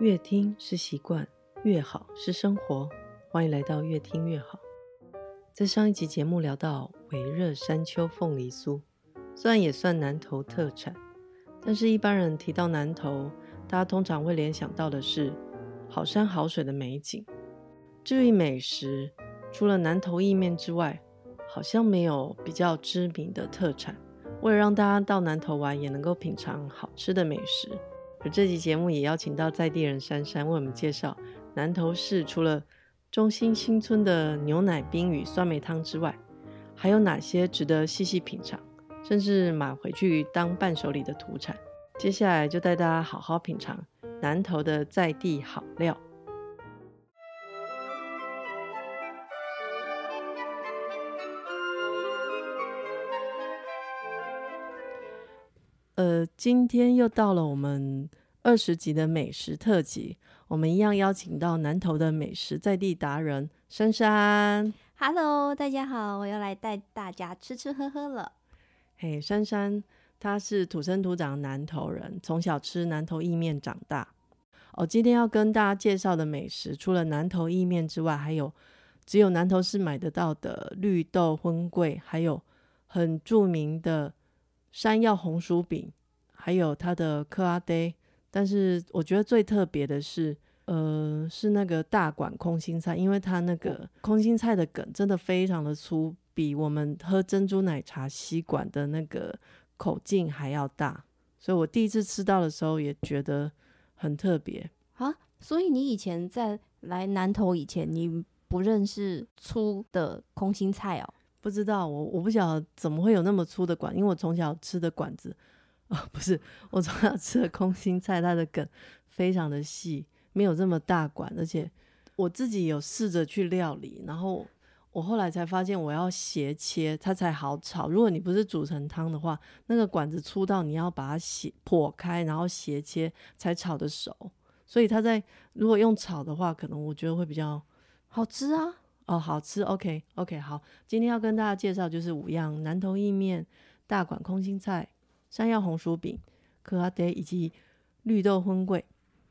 閱聽是習慣，閱好是生活。歡迎來到閱聽閱好。在上一集節目聊到微熱山丘鳳梨酥，雖然也算南投特產，但是一般人提到南投，大家通常會聯想到的是好山好水的美景。至於美食，除了南投意麵之外，好像沒有比較知名的特產。為了讓大家到南投玩也能夠品嘗好吃的美食。而這期節目也邀請到在地人珊珊為我們介紹南投市除了中興新村的牛奶冰與酸梅湯之外，還有哪些值得細細品嘗，甚至買回去當伴手禮的土產。接下來就帶大家好好品嘗南投的在地好料。今天又到了我們二十集的美食特輯，我們一樣邀請到南投的美食在地達人珊珊。Hello，大家好，我又來帶大家吃吃喝喝了。嘿，珊珊，她是土生土長的南投人，從小吃南投意麵長大。哦，今天要跟大家介紹的美食，除了南投意麵之外，還有只有南投市買得到的綠豆粉粿，還有很著名的山藥紅薯餅。還有它的蚵仔嗲，但是我覺得最特別的是，呃，是那個大管空心菜，因為它那個空心菜的梗真的非常的粗，比我們喝珍珠奶茶吸管的那個口徑還要大，所以我第一次吃到的時候也覺得很特別啊。所以你以前在來南投以前，你不認識粗的空心菜哦？不知道，我我不曉得怎麼會有那麼粗的管，因為我從小吃的管子。哦，不是，我從小吃的空心菜，它的梗非常的細，沒有這麼大管，而且我自己有試着去料理，然後我後來才發現我要斜切它才好炒。如果你不是煮成湯的話，那個管子粗到你要把它斜破開，然後斜切才炒得熟。所以它在如果用炒的話，可能我覺得會比較好吃啊。哦，好吃，OK OK，好，今天要跟大家介紹就是五樣：南投意麵、大管空心菜。山藥紅薯餅、蚵仔嗲，以及綠豆粉粿，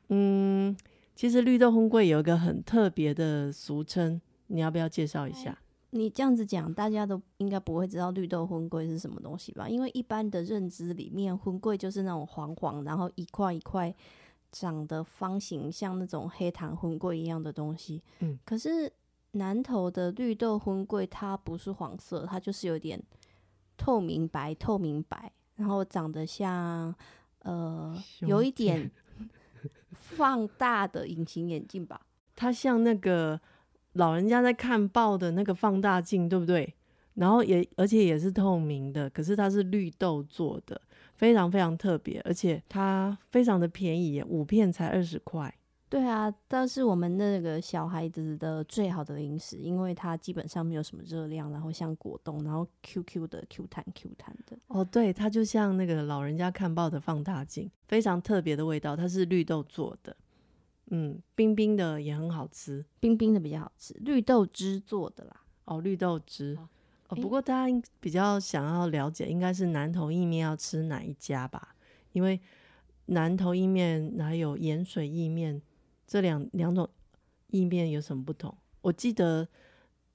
嗯，其實綠豆粉粿有一個很特別的俗稱，你要不要介紹一下？哎，你這樣子講，大家都應該不會知道綠豆粉粿是什麼東西吧？因為一般的認知裡面，粉粿就是那種黃黃，然後一塊一塊長的方形，像那種黑糖粉粿一樣的東西。嗯，可是南投的綠豆粉粿，它不是黃色，它就是有點透明白，透明白。然後長得像，呃，有一點放大的隱形眼鏡吧。它像那個老人家在看報的那個放大鏡，對不對？然後也而且也是透明的，可是它是綠豆做的，非常非常特別，而且它非常的便宜，五片才二十塊。對啊，但是我們那個小孩子的最好的零食，因為它基本上沒有什麼熱量，然後像果凍，然後 QQ 的 Q 彈 Q 彈的。哦，對，它就像那個老人家看報的放大鏡，非常特別的味道，它是綠豆做的，嗯，冰冰的也很好吃，冰冰的比較好吃，哦、綠豆汁做的啦。哦，綠豆汁哦、欸。哦，不過大家比較想要了解，應該是南投意麵要吃哪一家吧？因為南投意麵還有鹽水意麵。這兩兩種意麵有什麼不同？我記得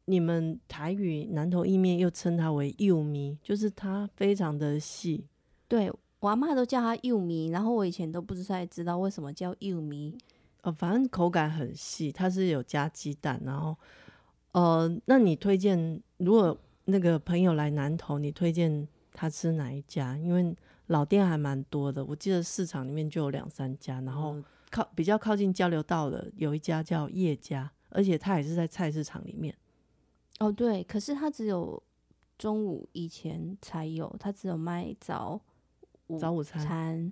你們台語南投意麵又稱它為幼米，就是它非常的細。對我阿嬤，都叫它幼米，然後我以前都不太知道為什麼叫幼米。呃，反正口感很細，它是有加雞蛋。然後，呃，那你推薦如果那個朋友來南投，你推薦他吃哪一家？因為老店還蠻多的，我記得市場裡面就有兩三家，然後。嗯靠比較靠近交流道的有一家叫葉家，而且它也是在菜市場裡面。哦，對，可是它只有中午以前才有，它只有賣早午餐早午餐。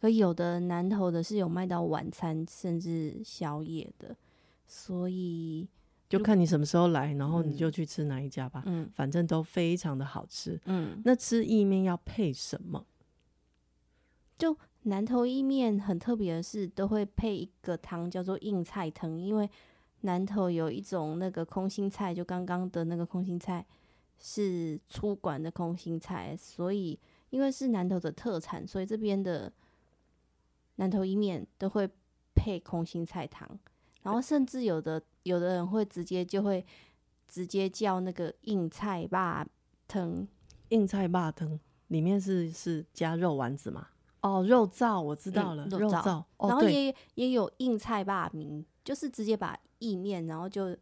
可有的南投的是有賣到晚餐甚至宵夜的，所以就看你什麼時候來，然後你就去吃哪一家吧，嗯。反正都非常的好吃。嗯，那吃意麵要配什麼？就。南投意麵很特別的是，都會配一個湯，叫做硬菜湯。因為南投有一種那個空心菜，就剛剛的那個空心菜是粗管的空心菜，所以因為是南投的特產，所以這邊的南投意麵都會配空心菜湯。然後甚至有的有的人會直接就會直接叫那個硬菜霸湯。硬菜霸湯裡面是是加肉丸子嗎？哦，肉燥我知道了。嗯肉，肉燥，然後也、哦、也有硬菜吧，米，就是直接把意麵，然後就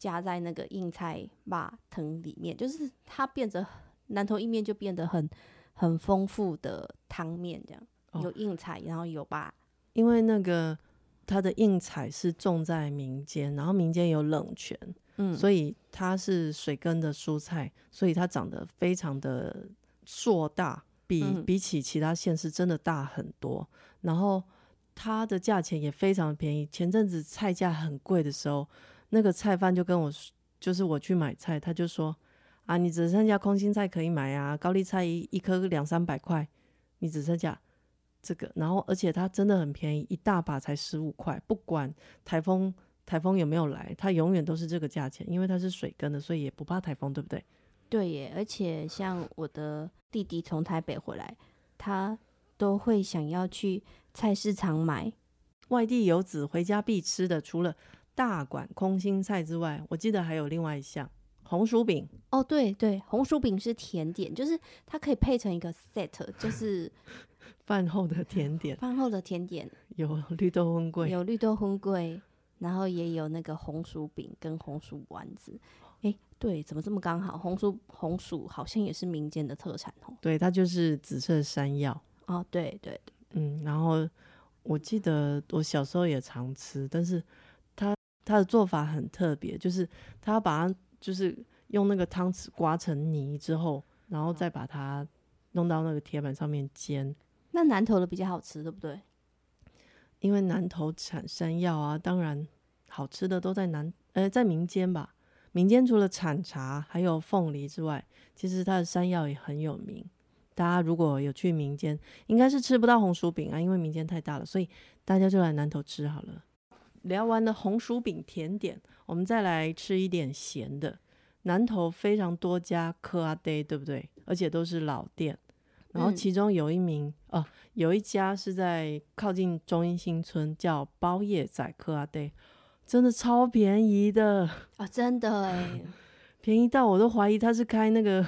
夾在那個硬菜吧，藤裡面，就是它變成，南投意麵就變得很很豐富的湯麵這樣，有硬菜，哦、然後有吧，因為那個它的硬菜是種在民間，然後民間有冷泉，嗯，所以它是水耕的蔬菜，所以它長得非常的碩大。比比起其他縣市真的大很多，嗯，然後它的價錢也非常便宜。前陣子菜價很貴的時候，那個菜販就跟我，就是我去買菜，他就說：“啊，你只剩下空心菜可以買啊，高麗菜一一顆兩三百塊，你只剩下這個。”然後而且它真的很便宜，一大把才十五塊，不管颱風颱風有沒有來，它永遠都是這個價錢，因為它是水耕的，所以也不怕颱風，對不對？對耶，而且像我的。弟弟從台北回來，他都會想要去菜市場買。外地游子回家必吃的，除了大管空心菜之外，我記得還有另外一項——紅薯餅。哦，對對，紅薯餅是甜點，就是它可以配成一個 set，就是飯 後的甜點。飯後的甜點有綠豆粉粿，有綠豆粉粿，然後也有那個紅薯餅跟紅薯丸子。對，怎麼這麼剛好？紅薯紅薯好像也是民間的特產哦、喔。對，它就是紫色山藥。哦、啊，對對，對。嗯，然後我記得我小時候也常吃，但是它它的做法很特別，就是它把它就是用那個湯匙刮成泥之後，然後再把它弄到那個鐵板上面煎。那南投的比較好吃，對不對？因為南投產山藥啊，當然好吃的都在南，呃、欸，在民間吧。名間除了產茶、還有鳳梨之外，其實它的山藥也很有名。大家如果有去名間，應該是吃不到紅薯餅啊，因為名間太大了，所以大家就來南投吃好了。聊完了紅薯餅甜點，我們再來吃一點鹹的。南投非常多家蚵仔嗲，對不對？而且都是老店。然後其中有一名哦、嗯啊，有一家是在靠近中興新村，叫包葉仔蚵仔嗲。真的超便宜的啊！真的哎，便宜到我都懷疑他是開那個，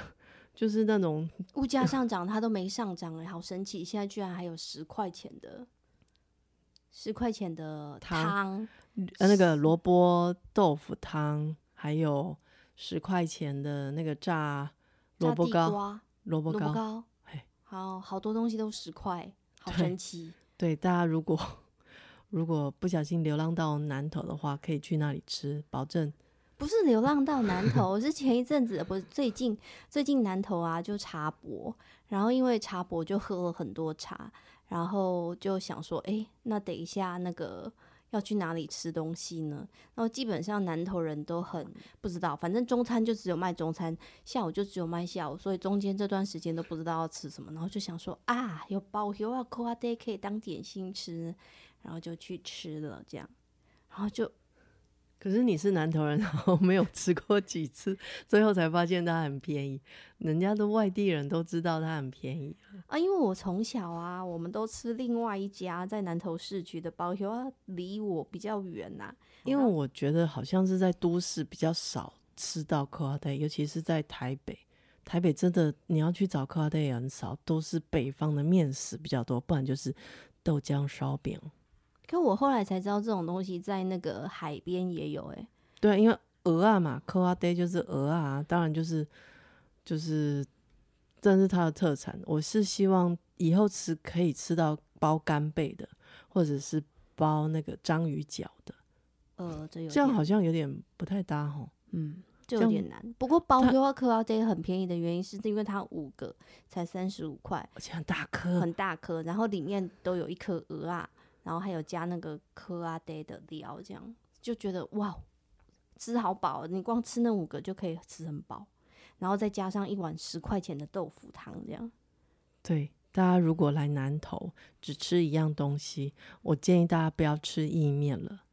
就是那種物價上漲他都沒上漲誒，好神奇！現在居然還有十塊錢的十塊錢的湯，湯，呃，那個蘿蔔豆腐湯，還有十塊錢的那個炸蘿蔔糕，蘿蔔糕，嘿，好好多東西都十塊，好神奇！對，對大家如果。如果不小心流浪到南投的話，可以去那裡吃，保證不是流浪到南投。我 是前一陣子，不是最近，最近南投啊，就茶博，然後因為茶博就喝了很多茶，然後就想說，哎，那等一下那個要去哪裡吃東西呢？然後基本上南投人都很不知道，反正中餐就只有賣中餐，下午就只有賣下午，所以中間這段時間都不知道要吃什麼，然後就想說啊，有包葉、蚵仔嗲，可以當點心吃。然後就去吃了，這樣，然後就，可是你是南投人，然後沒有吃過幾次，最後才發現它很便宜。人家的外地人都知道它很便宜啊，因為我從小啊，我們都吃另外一家在南投市區的包葉，它離我比較遠吶、啊。因為我覺得好像是在都市比較少吃到蚵仔嗲，尤其是在台北。台北真的你要去找蚵仔嗲也很少，都是北方的麵食比較多，不然就是豆漿燒餅。可我後來才知道，這種東西在那個海邊也有哎、欸。對、啊，因為蚵仔嘛，蚵仔嗲就是蚵仔，當然就是就是這是它的特產。我是希望以後吃可以吃到包干貝的，或者是包那個章魚腳的。呃，這有這樣好像有點不太搭哦。嗯，就有點難。這不過包蚵仔蚵仔嗲很便宜的原因，是因為它五個它才三十五塊，而且很大顆，很大顆，然後裡面都有一顆蚵仔。然後還有加那個蚵仔嗲的料，這樣就覺得哇，吃好飽！你光吃那五個就可以吃很飽，然後再加上一碗十塊錢的豆腐湯，這樣。對，大家如果來南投只吃一樣東西，我建議大家不要吃意麵了，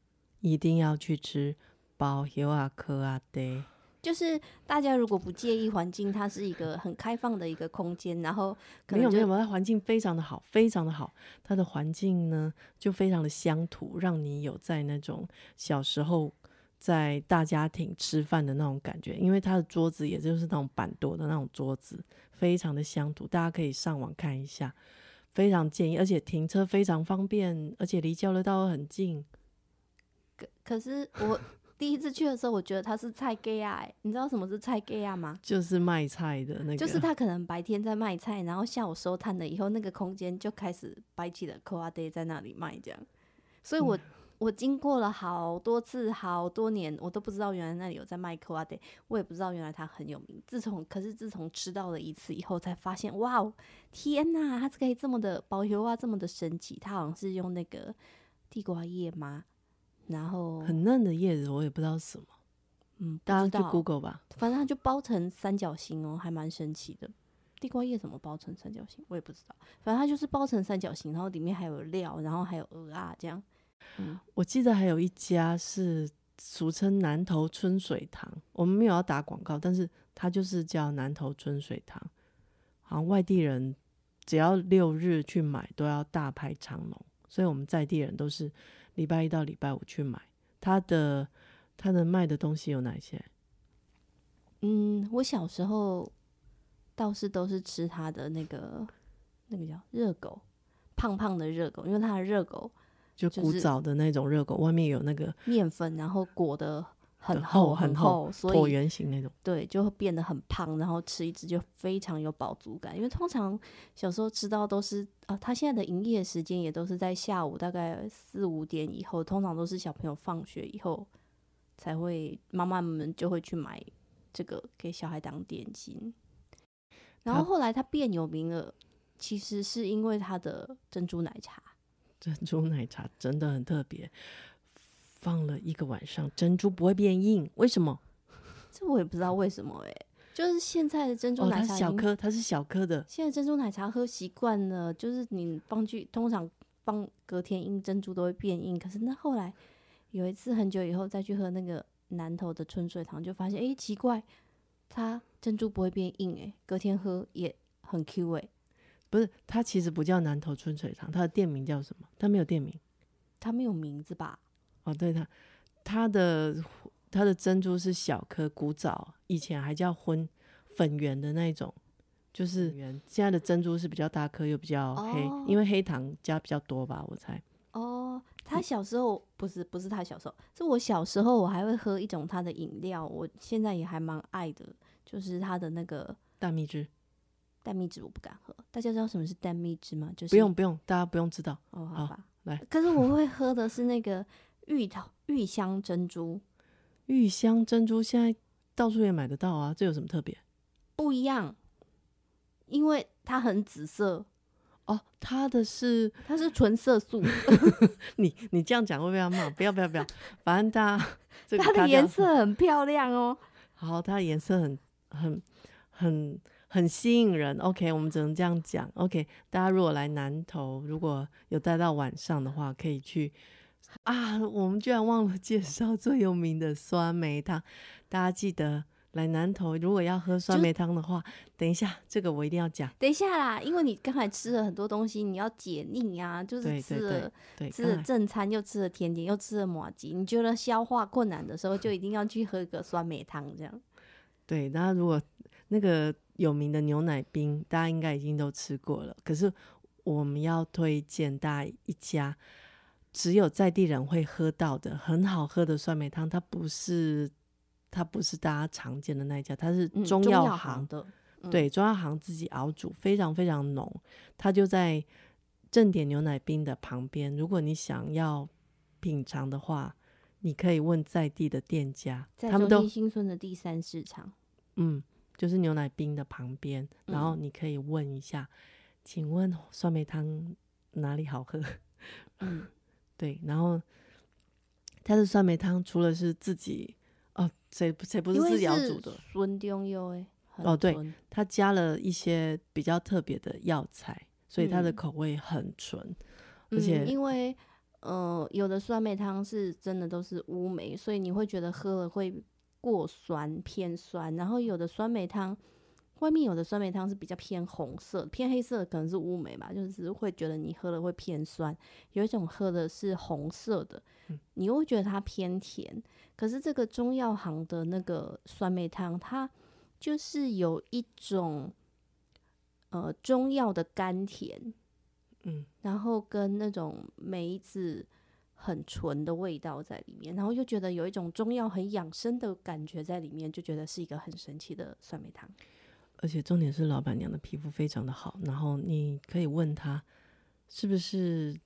一定要去吃包葉啊蚵仔嗲。就是大家如果不介意環境，它是一個很開放的一個空間，然後沒有沒有，它環境非常的好，非常的好，它的環境呢就非常的鄉土，讓你有在那種小時候在大家庭吃飯的那種感覺。因為它的桌子也就是那種辦桌的那種桌子，非常的鄉土，大家可以上網看一下，非常建議，而且停車非常方便，而且離交流道很近。可可是我。 第一次去的時候，我覺得它是菜街啊、欸，你知道什麼是菜街啊嗎？就是賣菜的那個。就是他可能白天在賣菜，然後下午收攤了以後，那個空間就開始擺起了蚵仔嗲在那裡賣這樣。所以我、嗯、我經過了好多次，好多年，我都不知道原來那裡有在賣蚵仔嗲，我也不知道原來它很有名。自從可是自從吃到了一次以後，才發現哇天哪、啊，它是可以這麼的保油啊，這麼的神奇！它好像是用那個地瓜葉嗎？然後很嫩的葉子，我也不知道什麼，嗯，大家去 Google 吧、啊。反正它就包成三角形哦，嗯、還蠻神奇的。地瓜葉怎麼包成三角形，我也不知道。反正它就是包成三角形，然後裡面還有料，然後還有蚵啊這樣。嗯，我記得還有一家是俗稱南投春水堂，我們沒有要打廣告，但是它就是叫南投春水堂。好像外地人只要六日去買都要大排長龍，所以我們在地人都是。禮拜一到禮拜五去買他的。他能賣的東西有哪些？嗯，我小時候倒是都是吃他的那個那個叫熱狗，胖胖的熱狗，因為他的熱狗就古早的那種熱狗，外面有那個麵粉，然後裹的那個。很厚很厚，很厚很厚，所以橢圓形那種，對，就會變得很胖，然後吃一隻就非常有飽足感。因為通常小時候吃到都是啊，他現在的營業時間也都是在下午大概四五點以後，通常都是小朋友放學以後才會，媽媽們就會去買這個給小孩當點心。然後後來他變有名了，其實是因為他的珍珠奶茶，珍珠奶茶真的很特別。放了一個晚上，珍珠不會變硬，為什麼？這我也不知道為什麼誒、欸，就是現在的珍珠奶茶，哦、小顆它是小顆的。現在珍珠奶茶喝習慣了，就是你放去，通常放隔天因珍珠都會變硬。可是那後來有一次很久以後再去喝那個南投的春水堂，就發現哎、欸、奇怪，它珍珠不會變硬誒、欸，隔天喝也很 Q 誒、欸，不是，它其實不叫南投春水堂，它的店名叫什麼？它沒有店名，它沒有名字吧？哦、對它，它的它的珍珠是小顆古早，以前還叫葷粉圓的那種，就是現在的珍珠是比較大顆又比較黑、哦，因為黑糖加比較多吧，我猜。哦，他小時候、嗯、不是不是他小時候，是我小時候，我還會喝一種它的飲料，我現在也還蠻愛的，就是它的那個蛋蜜汁。蛋蜜汁我不敢喝，大家知道什麼是蛋蜜汁嗎？就是不用不用，大家不用知道。哦，好吧，好，來。可是我會喝的是那個。 芋頭、芋香珍珠、芋香珍珠現在到處也買得到啊，這有什麼特別？不一樣，因為它很紫色哦。它的是它是純色素。 你你這樣講會不會要罵，不要不要不要。反 正大家、這個、它的顏色很漂亮哦。 好，它的顏色很很很很吸引人。OK，我們只能這樣講。OK，大家如果來南投，如果有待到晚上的話，可以去。啊，我們居然忘了介紹最有名的酸梅湯，大家記得來南投，如果要喝酸梅湯的話，等一下這個我一定要講。等一下啦，因為你剛才吃了很多東西，你要解膩呀，啊，就是吃了對對對對，吃了正餐又吃了甜點又吃了麻糬，你覺得消化困難的時候，就一定要去喝一個酸梅湯這樣。對，那如果那個有名的牛奶冰，大家應該已經都吃過了，可是我們要推薦大家一家。只有在地人會喝到的很好喝的酸梅湯，它不是它不是大家常見的那一家，它是中藥行的、嗯，對、嗯、中藥行自己熬煮，非常非常濃。它就在正典牛奶冰的旁邊。如果你想要品嚐的話，你可以問在地的店家。在中興新村的第三市場，嗯，就是牛奶冰的旁邊。然後你可以問一下，嗯、請問酸梅湯哪裡好喝？嗯。對，然後他的酸梅湯除了是自己，哦，誰誰不是自己熬煮的？純中藥耶，哦，對，他加了一些比較特別的藥材，所以它的口味很純，嗯、而且、嗯、因為呃，有的酸梅湯是真的都是烏梅，所以你會覺得喝了會過酸偏酸，然後有的酸梅湯，外面有的酸梅湯是比較偏紅色、偏黑色，可能是烏梅吧，就是會覺得你喝了會偏酸。有一種喝的是紅色的，嗯、你會覺得它偏甜。可是這個中藥行的那個酸梅湯，它就是有一種呃中藥的甘甜，嗯，然後跟那種梅子很純的味道在裡面，然後又覺得有一種中藥很養生的感覺在裡面，就覺得是一個很神奇的酸梅湯。而且重點是老板娘的皮膚非常的好，然後你可以問她，是不是？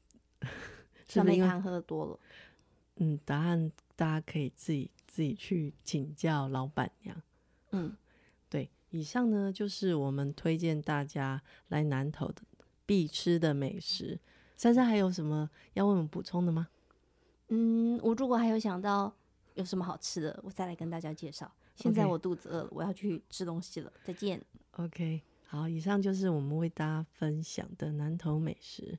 酸梅湯喝得多了。嗯，答案大家可以自己自己去請教老板娘。嗯，對，以上呢就是我們推薦大家來南投的必吃的美食。珊珊還有什麼要為我們補充的嗎？嗯，我如果還有想到有什麼好吃的，我再來跟大家介紹。現在我肚子餓了，okay, 我要去吃東西了。再見。OK，好，以上就是我們為大家分享的南投美食。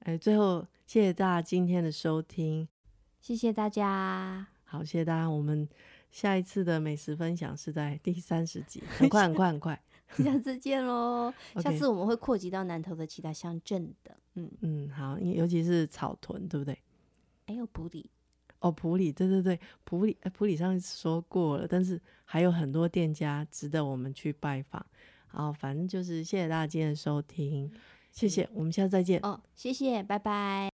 哎，最後謝謝大家今天的收聽，謝謝大家。好，謝謝大家。我們下一次的美食分享是在第三十集，很快很快很快， 下次見嘍。 okay, 下次我們會擴及到南投的其他鄉鎮的。嗯嗯，好，尤其是草屯，對不對？還有埔里。哦，埔里，對對對，埔里，埔里上次說過了，但是還有很多店家值得我們去拜訪。好，反正就是謝謝大家今天的收聽，謝謝，嗯、我們下次再見。哦，謝謝，拜拜。